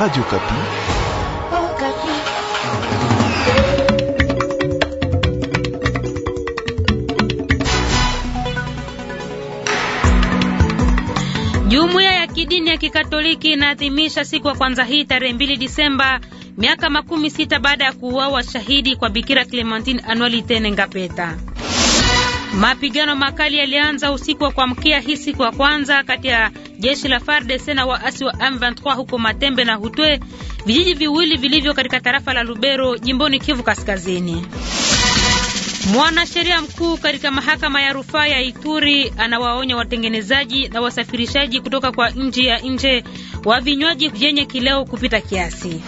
Radio Kapi. Oh, Kapi. Jumuiya ya kidini ya Kikatoliki inaadhimisha siku ya kwanza hii tarehe 2 Disemba miaka makumi sita baada ya kuuawa shahidi kwa Bikira Clementine Anuali Tene Ngapeta. Mapigano makali yalianza usiku wa kuamkia hii siku ya kwanza kati ya jeshi la FARDC e na waasi wa M23 huko Matembe na Hutwe, vijiji viwili vilivyo katika tarafa la Lubero jimboni Kivu Kaskazini. Mwanasheria mkuu katika mahakama ya rufaa ya Ituri anawaonya watengenezaji na wasafirishaji kutoka kwa nchi ya nje wa vinywaji vyenye kileo kupita kiasi.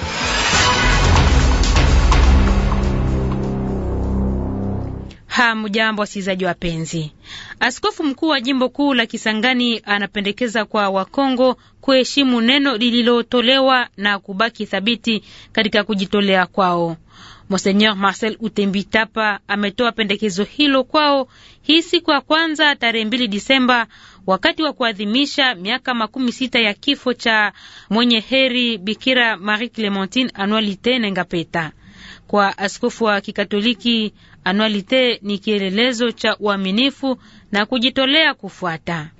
Hamjambo wasikilizaji wapenzi. Askofu mkuu wa jimbo kuu la Kisangani anapendekeza kwa Wakongo kuheshimu neno lililotolewa na kubaki thabiti katika kujitolea kwao. Monseigneur Marcel Utembitapa ametoa pendekezo hilo kwao hii siku ya kwanza tarehe mbili Disemba wakati wa kuadhimisha miaka makumi sita ya kifo cha mwenye heri Bikira Marie Clementine Anualite Nengapeta. Kwa askofu wa Kikatoliki, anualite ni kielelezo cha uaminifu na kujitolea kufuata.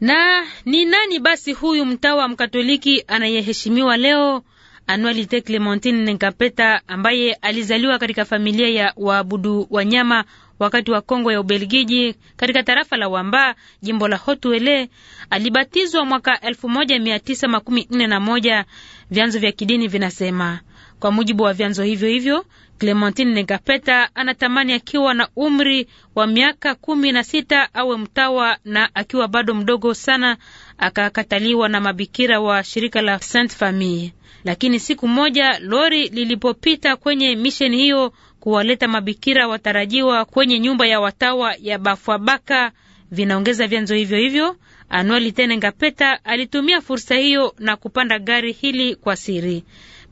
Na ni nani basi huyu mtawa mkatoliki anayeheshimiwa leo? Anualite Clementine Nengapeta, ambaye alizaliwa katika familia ya waabudu wanyama wakati wa Kongo ya Ubelgiji katika tarafa la Wamba, jimbo la Hotuele, alibatizwa mwaka 1941 vyanzo vya kidini vinasema. Kwa mujibu wa vyanzo hivyo hivyo, Clementine Negapeta anatamani akiwa na umri wa miaka kumi na sita awe mtawa, na akiwa bado mdogo sana akakataliwa na mabikira wa shirika la Sainte Famille. Lakini siku moja lori lilipopita kwenye misheni hiyo kuwaleta mabikira watarajiwa kwenye nyumba ya watawa ya Bafwabaka, vinaongeza vyanzo hivyo hivyo, Anuel Tene Ngapeta alitumia fursa hiyo na kupanda gari hili kwa siri.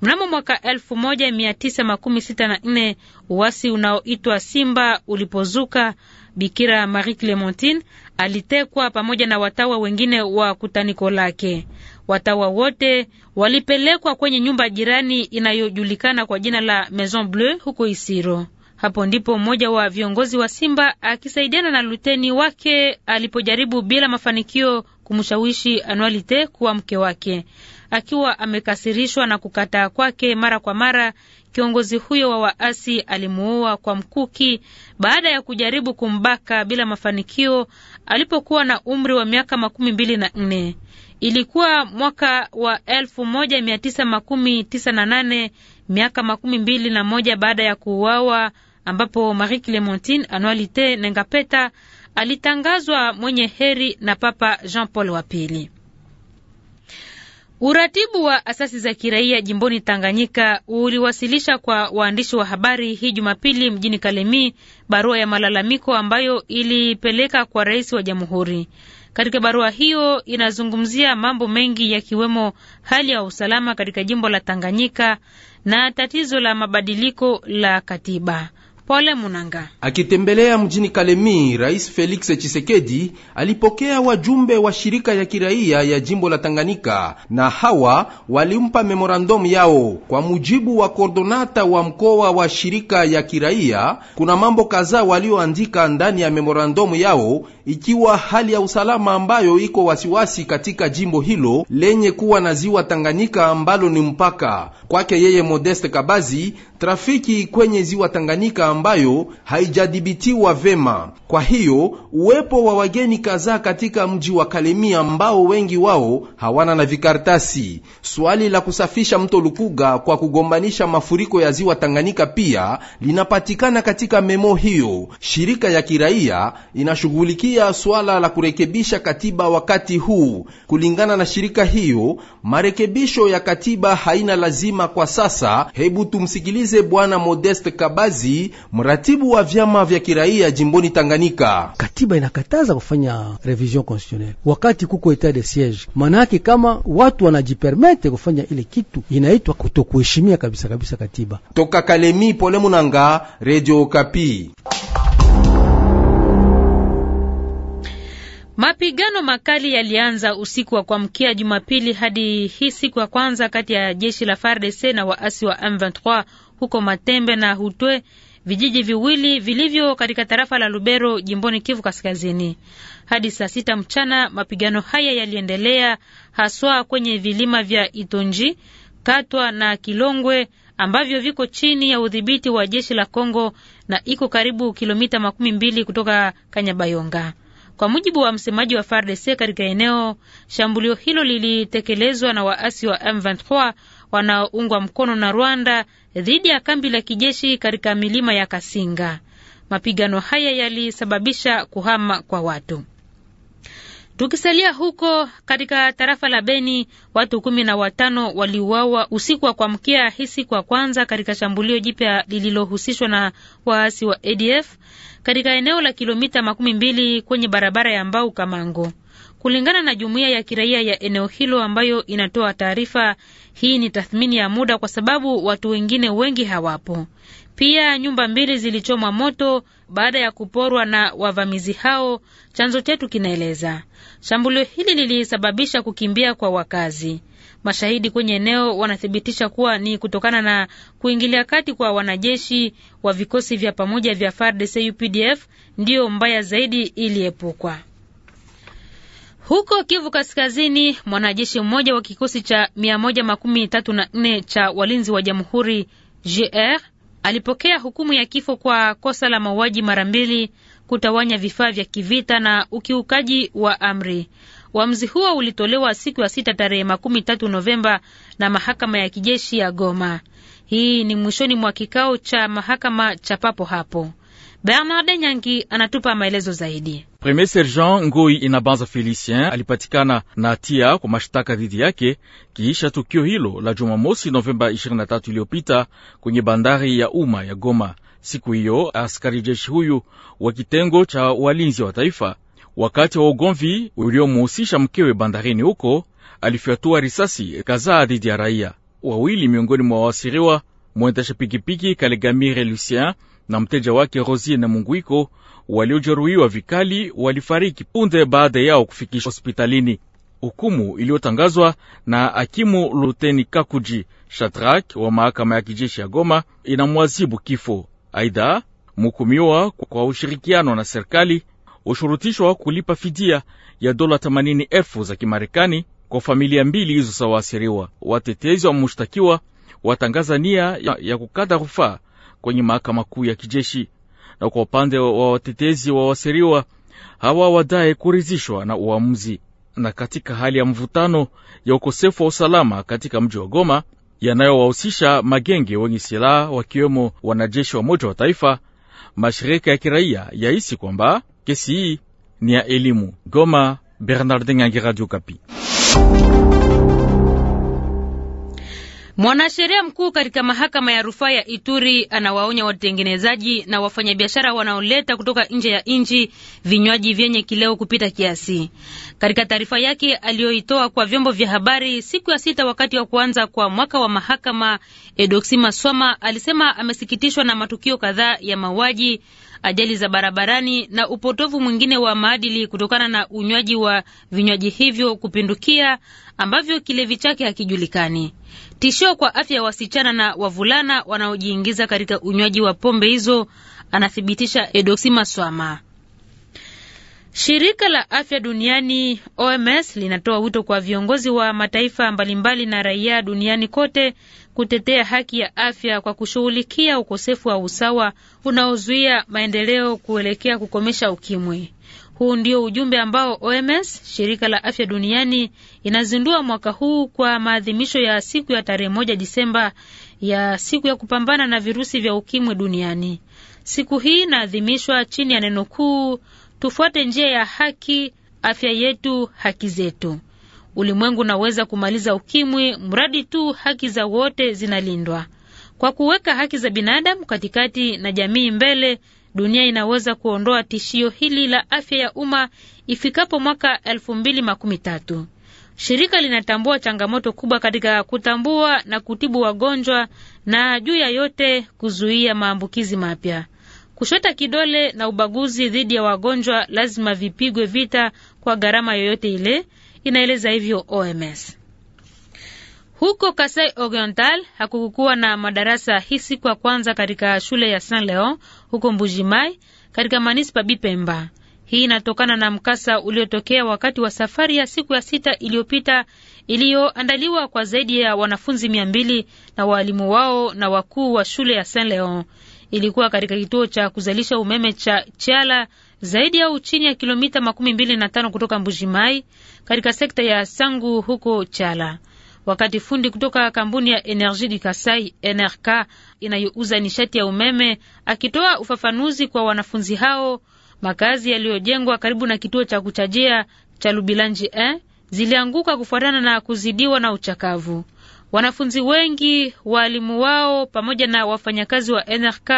Mnamo mwaka 1964 uasi unaoitwa Simba ulipozuka, Bikira Marie Clementine alitekwa pamoja na watawa wengine wa kutaniko lake. Watawa wote walipelekwa kwenye nyumba jirani inayojulikana kwa jina la Maison bleu huko Isiro. Hapo ndipo mmoja wa viongozi wa Simba akisaidiana na luteni wake alipojaribu bila mafanikio kumshawishi Anualite kuwa mke wake akiwa amekasirishwa na kukataa kwake mara kwa mara. Kiongozi huyo wa waasi alimuua kwa mkuki baada ya kujaribu kumbaka bila mafanikio alipokuwa na umri wa miaka makumi mbili na nne. Ilikuwa mwaka wa elfu moja mia tisa makumi tisa na nane, miaka makumi mbili na moja baada ya kuuawa, ambapo Marie Clementine Anualite Nengapeta alitangazwa mwenye heri na Papa Jean Paul wa pili. Uratibu wa asasi za kiraia jimboni Tanganyika uliwasilisha kwa waandishi wa habari hii Jumapili mjini Kalemi barua ya malalamiko ambayo ilipeleka kwa rais wa jamhuri. Katika barua hiyo inazungumzia mambo mengi yakiwemo hali ya usalama katika jimbo la Tanganyika na tatizo la mabadiliko la katiba. Pole Munanga akitembelea mjini Kalemi, Rais Felix chisekedi alipokea wajumbe wa shirika ya kiraia ya jimbo la Tanganyika, na hawa walimpa memorandomu yao. Kwa mujibu wa kordonata wa mkoa wa shirika ya kiraia, kuna mambo kadhaa walioandika ndani ya memorandomu yao, ikiwa hali ya usalama ambayo iko wasiwasi katika jimbo hilo lenye kuwa na ziwa Tanganyika ambalo ni mpaka kwake. Yeye Modeste Kabazi trafiki kwenye ziwa Tanganyika ambayo haijadhibitiwa vema. Kwa hiyo uwepo wa wageni kadhaa katika mji wa Kalemie ambao wengi wao hawana na vikaratasi. Swali la kusafisha mto Lukuga kwa kugombanisha mafuriko ya ziwa Tanganyika pia linapatikana katika memo hiyo. Shirika ya kiraia inashughulikia swala la kurekebisha katiba wakati huu. Kulingana na shirika hiyo, marekebisho ya katiba haina lazima kwa sasa. Hebu tumsikilize tumsikilize Bwana Modeste Kabazi, mratibu wa vyama vya kiraia jimboni Tanganyika. Katiba inakataza kufanya revision constitutionnelle wakati kuko etat de siege, manake kama watu wanajipermete kufanya ile kitu inaitwa kutokuheshimia kabisa kabisa katiba. Toka Kalemi, Pole Munanga, Radio Okapi. Mapigano makali yalianza usiku wa kuamkia Jumapili hadi hii siku ya kwanza kati ya jeshi la FARDC na waasi wa M23 huko Matembe na Hutwe, vijiji viwili vilivyo katika tarafa la Lubero jimboni Kivu Kaskazini. Hadi saa sita mchana mapigano haya yaliendelea haswa kwenye vilima vya Itonji, Katwa na Kilongwe ambavyo viko chini ya udhibiti wa jeshi la Kongo na iko karibu kilomita makumi mbili kutoka Kanyabayonga. Kwa mujibu wa msemaji wa FARDC katika eneo, shambulio hilo lilitekelezwa na waasi wa M23 wanaoungwa mkono na Rwanda dhidi ya kambi la kijeshi katika milima ya Kasinga. Mapigano haya yalisababisha kuhama kwa watu. Tukisalia huko katika tarafa la Beni, watu kumi na watano waliuawa usiku wa kuamkia hisi kwa kwanza katika shambulio jipya lililohusishwa na waasi wa ADF katika eneo la kilomita makumi mbili kwenye barabara ya Mbau Kamango kulingana na jumuiya ya kiraia ya eneo hilo ambayo inatoa taarifa. Hii ni tathmini ya muda kwa sababu watu wengine wengi hawapo. Pia nyumba mbili zilichomwa moto baada ya kuporwa na wavamizi hao, chanzo chetu kinaeleza. Shambulio hili lilisababisha kukimbia kwa wakazi. Mashahidi kwenye eneo wanathibitisha kuwa ni kutokana na kuingilia kati kwa wanajeshi wa vikosi vya pamoja vya FARDC UPDF ndiyo mbaya zaidi iliepukwa. Huko Kivu Kaskazini, mwanajeshi mmoja wa kikosi cha nne cha walinzi wa jamhuri GR alipokea hukumu ya kifo kwa kosa la mauaji mara mbili, kutawanya vifaa vya kivita na ukiukaji wa amri. Uamuzi huo ulitolewa siku ya sita tarehe makumi tatu Novemba na mahakama ya kijeshi ya Goma. Hii ni mwishoni mwa kikao cha mahakama cha papo hapo. Bernard Nyangi anatupa maelezo zaidi. Premier sergent Ngoi Inabanza Felicien alipatikana na hatia kwa mashtaka dhidi yake kiisha tukio hilo la Jumamosi Novemba 23 iliyopita kwenye bandari ya umma ya Goma. Siku hiyo askari jeshi huyu wa kitengo cha walinzi wa taifa, wakati wa ugomvi uliomuhusisha mkewe bandarini huko, alifyatua risasi kadhaa dhidi ya raia wawili miongoni mwa waasiriwa, mwendesha pikipiki Kalegamire Lucien na mteja wake Rosie na Munguiko waliojeruhiwa vikali walifariki punde baada yao kufikishwa hospitalini. Hukumu iliyotangazwa na hakimu Luteni Kakuji Shatrak wa mahakama ya kijeshi ya Goma inamwazibu kifo. Aidha, mhukumiwa kwa ushirikiano na serikali ushurutishwa kulipa fidia ya dola themanini za Kimarekani kwa familia mbili hizo za waasiriwa. Watetezi wa mshtakiwa watangaza nia ya, ya kukata rufaa kwenye mahakama kuu ya kijeshi. Na kwa upande wa watetezi wa wasiriwa hawa wadae kurizishwa na uamuzi. Na katika hali ya mvutano ya ukosefu wa usalama katika mji wa Goma yanayowahusisha magenge wenye silaha wakiwemo wanajeshi wa moja wa Taifa, mashirika ya kiraia yahisi kwamba kesi hii ni ya elimu. Goma, Bernardin Angi, Radio Kapi. Mwanasheria mkuu katika mahakama ya rufaa ya Ituri anawaonya watengenezaji na wafanyabiashara wanaoleta kutoka nje ya nchi vinywaji vyenye kileo kupita kiasi. Katika taarifa yake aliyoitoa kwa vyombo vya habari siku ya sita wakati wa kuanza kwa mwaka wa mahakama, Edoxima Swama alisema amesikitishwa na matukio kadhaa ya mauaji ajali za barabarani na upotovu mwingine wa maadili kutokana na unywaji wa vinywaji hivyo kupindukia ambavyo kilevi chake hakijulikani. Tishio kwa afya ya wasichana na wavulana wanaojiingiza katika unywaji wa pombe hizo, anathibitisha Edoxi Maswama. Shirika la afya duniani OMS linatoa wito kwa viongozi wa mataifa mbalimbali na raia duniani kote kutetea haki ya afya kwa kushughulikia ukosefu wa usawa unaozuia maendeleo kuelekea kukomesha ukimwi. Huu ndio ujumbe ambao OMS, shirika la afya duniani, inazindua mwaka huu kwa maadhimisho ya siku ya tarehe moja Disemba ya siku ya kupambana na virusi vya ukimwi duniani. Siku hii inaadhimishwa chini ya neno kuu, tufuate njia ya haki, afya yetu, haki zetu. Ulimwengu unaweza kumaliza ukimwi mradi tu haki za wote zinalindwa. Kwa kuweka haki za binadamu katikati na jamii mbele, dunia inaweza kuondoa tishio hili la afya ya umma ifikapo mwaka elfu mbili makumi tatu. Shirika linatambua changamoto kubwa katika kutambua na kutibu wagonjwa na juu ya yote kuzuia maambukizi mapya. Kushota kidole na ubaguzi dhidi ya wagonjwa lazima vipigwe vita kwa gharama yoyote ile, inaeleza hivyo OMS. Huko Kasai Oriental hakukuwa na madarasa hii siku ya kwanza katika shule ya Saint Leon huko Mbujimai katika manispa Bipemba. Hii inatokana na mkasa uliotokea wakati wa safari ya siku ya sita iliyopita iliyoandaliwa kwa zaidi ya wanafunzi mia mbili na waalimu wao na wakuu wa shule ya Saint Leon. Ilikuwa katika kituo cha kuzalisha umeme cha Chala zaidi au chini ya kilomita makumi mbili na tano kutoka Mbujimai katika sekta ya Sangu huko Chala. Wakati fundi kutoka kampuni ya Energie du Kasai NRK inayouza nishati ya umeme akitoa ufafanuzi kwa wanafunzi hao, makazi yaliyojengwa karibu na kituo cha kuchajia cha Lubilanji 1 zilianguka kufuatana na kuzidiwa na uchakavu. Wanafunzi wengi, waalimu wao, pamoja na wafanyakazi wa NRK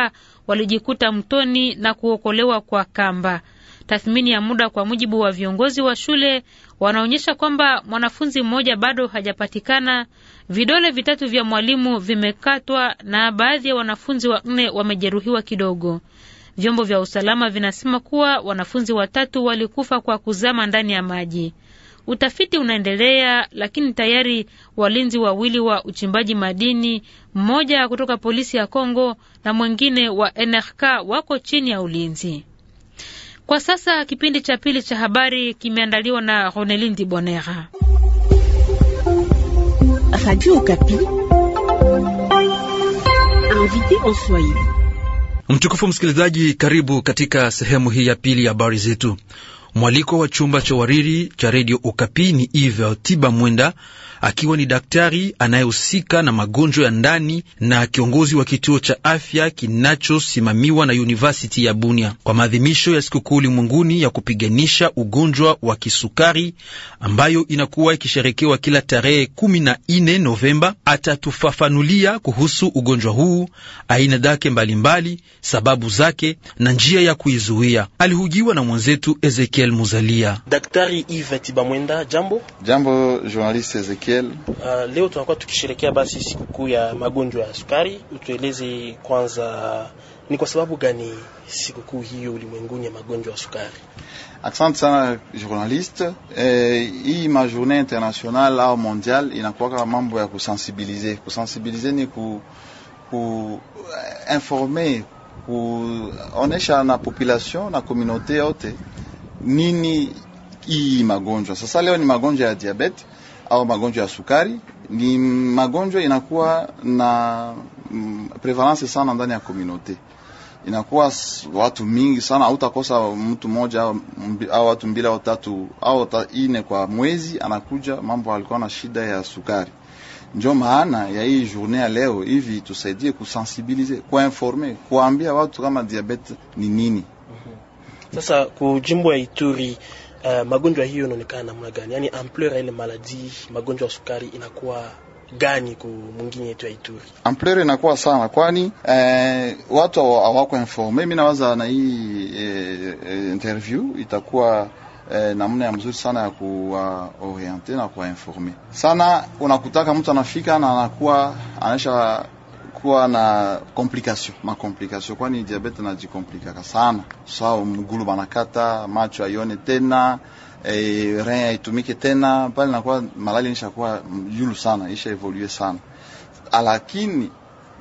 walijikuta mtoni na kuokolewa kwa kamba. Tathmini ya muda kwa mujibu wa viongozi wa shule wanaonyesha kwamba mwanafunzi mmoja bado hajapatikana, vidole vitatu vya mwalimu vimekatwa na baadhi ya wanafunzi wanne wamejeruhiwa kidogo. Vyombo vya usalama vinasema kuwa wanafunzi watatu walikufa kwa kuzama ndani ya maji. Utafiti unaendelea, lakini tayari walinzi wawili wa uchimbaji madini, mmoja kutoka polisi ya Kongo na mwingine wa NRK wako chini ya ulinzi. Kwa sasa kipindi cha pili cha habari kimeandaliwa na Ronelin Di Bonera. Mtukufu msikilizaji, karibu katika sehemu hii ya pili ya habari zetu. Mwaliko wa chumba cha wariri cha redio Okapi ni Ive Tiba Mwenda akiwa ni daktari anayehusika na magonjwa ya ndani na kiongozi wa kituo cha afya kinachosimamiwa na University ya Bunia kwa maadhimisho ya sikukuu ulimwenguni ya kupiganisha ugonjwa wa kisukari ambayo inakuwa ikisherekewa kila tarehe 14 Novemba. Atatufafanulia kuhusu ugonjwa huu, aina zake mbalimbali, sababu zake na njia ya kuizuia. Alihujiwa na mwenzetu Ezekiel Muzalia. Daktari Tibamwenda, jambo. Jambo, journalist Ezekiel Ezekiel. Uh, ah, leo tunakuwa tukisherekea basi sikukuu ya magonjwa ya sukari. Utueleze kwanza ni kwa sababu gani sikukuu hiyo ulimwenguni ya magonjwa ya sukari? Asante sana journaliste. Eh, hii ma journée internationale au mondiale inakuwa mambo ya kusensibiliser. Kusensibiliser ni ku, ku eh, informer kuonesha na population na communauté yote nini hii magonjwa sasa. Leo ni magonjwa ya diabete au magonjwa ya sukari ni magonjwa inakuwa na mm, prevalence sana ndani ya komunote, inakuwa watu mingi sana, au utakosa mtu mmoja au watu mbili au tatu au ine kwa mwezi anakuja mambo, alikuwa na shida ya sukari. Ndio maana ya hii journée ya leo hivi tusaidie kusensibiliser, kuinforme, kuambia watu kama diabete ni nini. Sasa kujimbo ya Ituri uh, magonjwa hiyo inaonekana namna gani, yaani ampleur ile maladi magonjwa ya sukari inakuwa gani ku mwingine yetu ya Ituri ampleur inakuwa sana, kwani eh, watu hawako informe. Mimi nawaza na hii eh, eh, interview itakuwa eh, namna ya mzuri sana ya kuwaoriente na kuwainforme sana. Unakutaka mtu anafika na anakuwa anaisha kuwa na complication complication, kwani diabete najikomplikaka sana sawa. Mgulu banakata macho ayone tena, e, rein aitumike tena pale, nakuwa malali nishakuwa yulu sana, isha evolue sana, lakini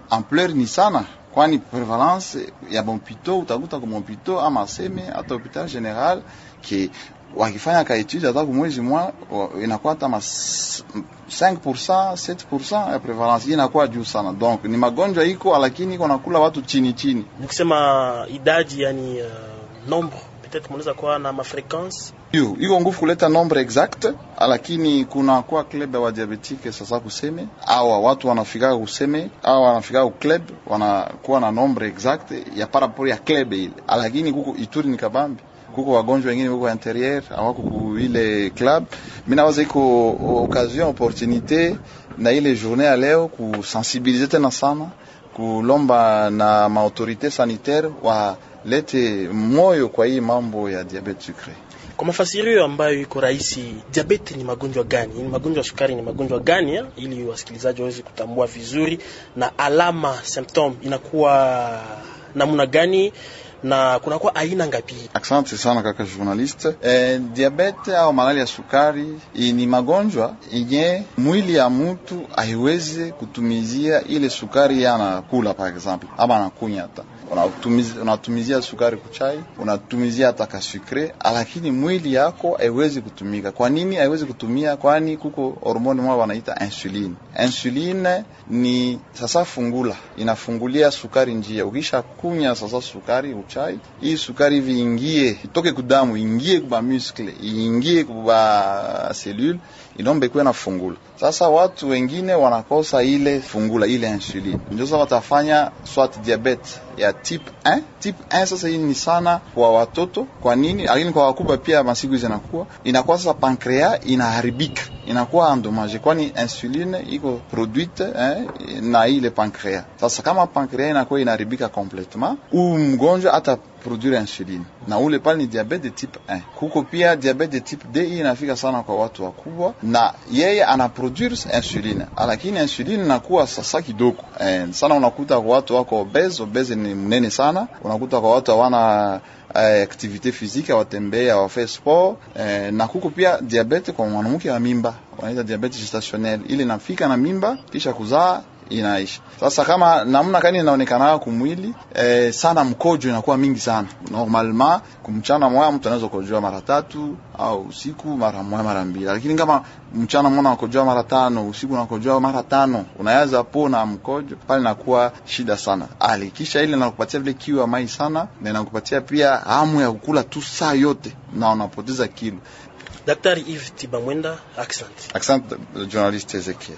ampleur ni sana kwani prevalence ya bompito utakuta kwa bompito ama seme hata hopital general ke wakifanya kaetudi ataku mwezi mwa euh, inakuwa hata 5% 7% ya prevalence inakuwa juu sana. Donc ni magonjwa iko, lakini iko nakula watu chini chini. Nikisema idadi yani, uh, nombre peut-être mnaweza kuwa na mafrequence hiyo hiyo nguvu kuleta nombre exact, lakini kuna kwa club wa diabetike sasa kuseme awa watu wanafika kuseme awa wanafika club wanakuwa na nombre exact ya parapori ya club ile, lakini kuko Ituri ni kabambi kuko wagonjwa wengine kuko interieur awako ku ile club. Mimi nawaza iko occasion opportunité na ile journée ya leo kusensibiliser tena sana, kulomba na maautorité sanitaire walete moyo kwa hii mambo ya diabete sucré. Kwa mafasirio ambayo iko rahisi, diabete ni magonjwa gani? Ni magonjwa ya sukari ni magonjwa gani ya? Eh? Ili wasikilizaji waweze kutambua vizuri, na alama symptom inakuwa namna gani na kunakuwa aina ngapi? Asante sana kaka journaliste. Eh, diabete au malali ya sukari ni magonjwa yenye mwili ya mtu haiwezi kutumizia ile sukari yanakula, par exemple, ama anakunya hata unatumizia sukari kuchai, unatumizia hata kasukre, lakini mwili yako haiwezi kutumika. Kwa nini haiwezi kutumia? Kwani kuko hormoni mwao wanaita insulin. Insulin ni sasa fungula, inafungulia sukari njia. Ukisha kunya sasa sukari uchai, hii sukari viingie, itoke kudamu, ingie kuba muscle, ingie kuba selule inombe kuwe na fungula. Sasa watu wengine wanakosa ile fungula ile insulini, ndio sasa watafanya swat diabete ya type 1. Type 1 sasa hii ni sana kwa watoto. Kwa nini? Lakini kwa wakubwa pia masiku hizi inakuwa inakuwa sasa, pankrea inaharibika, inakuwa endommage, kwani insuline iko produite eh, na ile pancreas. Sasa kama pancreas inakuwa inaharibika completement, u mgonjwa hata produire insuline na ule pale ni diabete de type 1. Kuko pia diabete de type 2 inafika sana kwa watu wakubwa, na yeye ana produce insuline, lakini insuline inakuwa sasa kidogo eh, sana. Unakuta kwa watu wako obese, obese ni mnene sana, unakuta kwa watu hawana eh, activite physique, awatembee fait sport eh, na kuko pia diabete kwa mwanamke wa mimba, wanaita diabete gestationnelle, ile inafika na mimba kisha kuzaa inaisha. Sasa kama namna kani inaonekana kumwili e, eh, sana mkojo inakuwa mingi sana. normalma, kumchana moya mtu anaweza kukojoa mara tatu au usiku mara moja mara mbili, lakini kama mchana mwana anakojoa mara tano, usiku anakojoa mara tano, unayaza pona mkojo pale inakuwa shida sana. Ali kisha ile inakupatia vile kiu ya mai sana na inakupatia pia hamu ya kukula tu saa yote na unapoteza kilo. Daktari Yves Tibamwenda, accent accent journalist Ezekiel.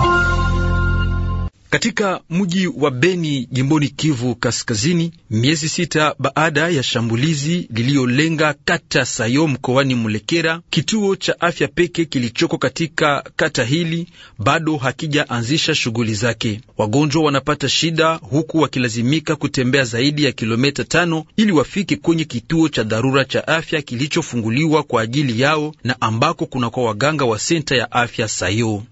Katika mji wa Beni jimboni Kivu Kaskazini, miezi sita baada ya shambulizi liliyolenga kata Sayo mkoani Mulekera, kituo cha afya peke kilichoko katika kata hili bado hakijaanzisha shughuli zake. Wagonjwa wanapata shida, huku wakilazimika kutembea zaidi ya kilomita tano ili wafike kwenye kituo cha dharura cha afya kilichofunguliwa kwa ajili yao na ambako kuna kwa waganga wa senta ya afya Sayo.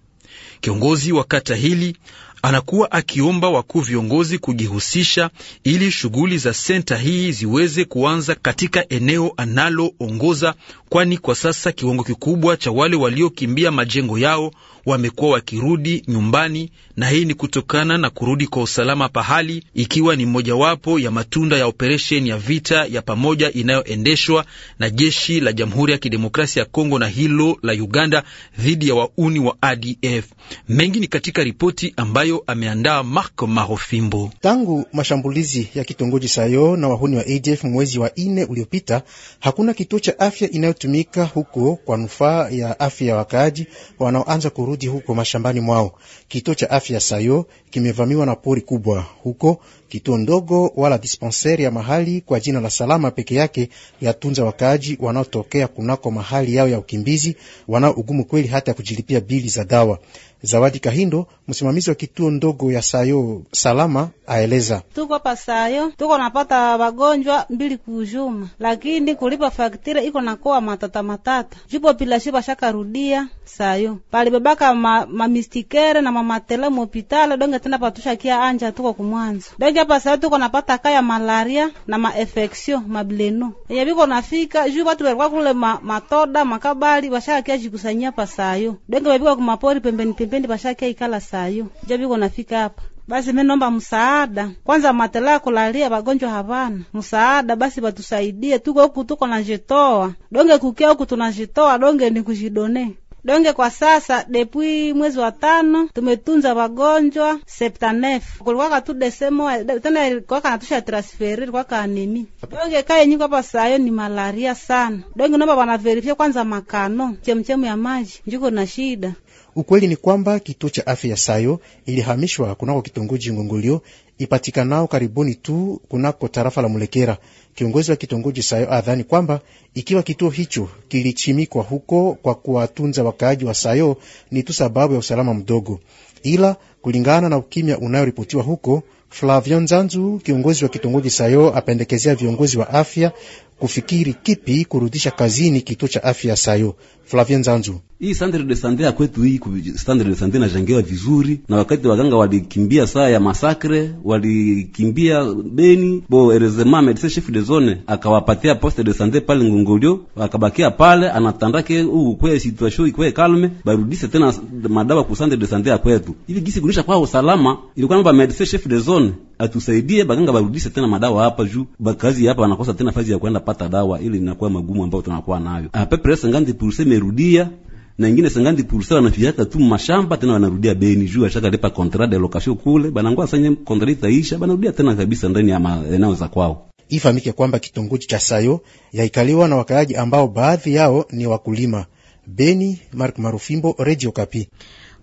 Kiongozi wa kata hili anakuwa akiomba wakuu viongozi kujihusisha ili shughuli za senta hii ziweze kuanza katika eneo analoongoza, kwani kwa sasa kiwango kikubwa cha wale waliokimbia majengo yao wamekuwa wakirudi nyumbani, na hii ni kutokana na kurudi kwa usalama pahali, ikiwa ni mojawapo ya matunda ya operesheni ya vita ya pamoja inayoendeshwa na jeshi la Jamhuri ya Kidemokrasia ya Kongo na hilo la Uganda dhidi ya wauni wa ADF. Mengi ni katika ripoti ambayo ambayo ameandaa Mark Marofimbo. Tangu mashambulizi ya kitongoji Sayo na wahuni wa ADF mwezi wa ine uliopita, hakuna kituo cha afya inayotumika huko kwa nufaa ya afya ya wakaaji wanaoanza kurudi huko mashambani mwao. Kituo cha afya ya Sayo kimevamiwa na pori kubwa huko kituo ndogo wala dispenseri ya mahali kwa jina la salama peke yake yatunza wakaaji wanaotokea kunako mahali yao ya ukimbizi, wanaougumu kweli hata ya kujilipia bili za dawa. Zawadi Kahindo, msimamizi wa kituo ndogo ya Sayo Salama, aeleza: tuko hapa Sayo, tuko napata wagonjwa mbili kujuma, lakini kulipa faktira iko nakoa matata matata jupo shaka rudia Sayo palibebaka ma, mamistikere na mamatele mopitale donge tena patusha kia anja, tuko kumwanzo donge hapa Sayo tuko napata kaya malaria na maefeksio mableno enye biko nafika juu batu berikwa kule ma, matoda makabali kia jikusanyia pa Sayo donge bebikwa kumapori pembeni pembeni bendi bashaki ikala sayo jabiko nafika hapa basi menomba msaada kwanza matela kulalia bagonjwa havana msaada basi batusaidie tuko huku tuko na jitoa donge kukia huku tunajitoa donge ni kujidone donge kwa sasa depuis mwezi wa tano tumetunza wagonjwa septanef kulikwaka tu desemo tena kwa ilikwaka natusha transferi ilikwaka nini donge kaye nyiko hapa sayo ni malaria sana donge nomba wanaverifia kwanza makano chemchemu ya maji njuko na shida Ukweli ni kwamba kituo cha afya Sayo ilihamishwa kunako kitongoji Ngongolio ipatikanao karibuni tu kunako tarafa la Mulekera. Kiongozi wa kitongoji Sayo adhani kwamba ikiwa kituo hicho kilichimikwa huko kwa kuwatunza wakaaji wa Sayo ni tu sababu ya usalama mdogo, ila kulingana na ukimya unayoripotiwa huko Flavio Nzanzu, kiongozi wa kitongoji Sayo, apendekezea viongozi wa afya kufikiri kipi kurudisha kazini kituo cha afya Sayo. Flavio Nzanzu: hii centre de sante ya kwetu hii centre de sante najengewa vizuri, na wakati waganga walikimbia saa ya masakre, walikimbia Beni bo erezema medecin chef de zone akawapatia poste de sante pale Ngongolio, akabakia pale anatandake huu kwe situation ikwe kalme, barudise tena madawa ku centre de sante ya kwetu hivi gisi kurudisha kwa usalama. Ilikuwa namba medecin chef de zone tuone atusaidie baganga barudishe tena madawa hapa juu bakazi hapa wanakosa tena fazi ya kwenda pata dawa, ili inakuwa magumu ambayo tunakuwa nayo a ah, pepe ngandi pulse merudia na ingine sangandi pulse wanafiaka tu mashamba tena wanarudia beni juu ashaka lipa contrat de location kule banangwa sanye contrat itaisha banarudia tena kabisa ndani ya eneo za kwao. Ifahamike kwamba kitongoji cha Sayo yaikaliwa na wakaaji ambao baadhi yao ni wakulima. Beni, Mark Marufimbo, Radio Kapi.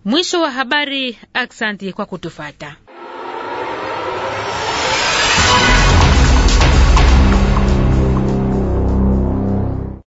Mwisho wa habari. Aksanti kwa kutufata.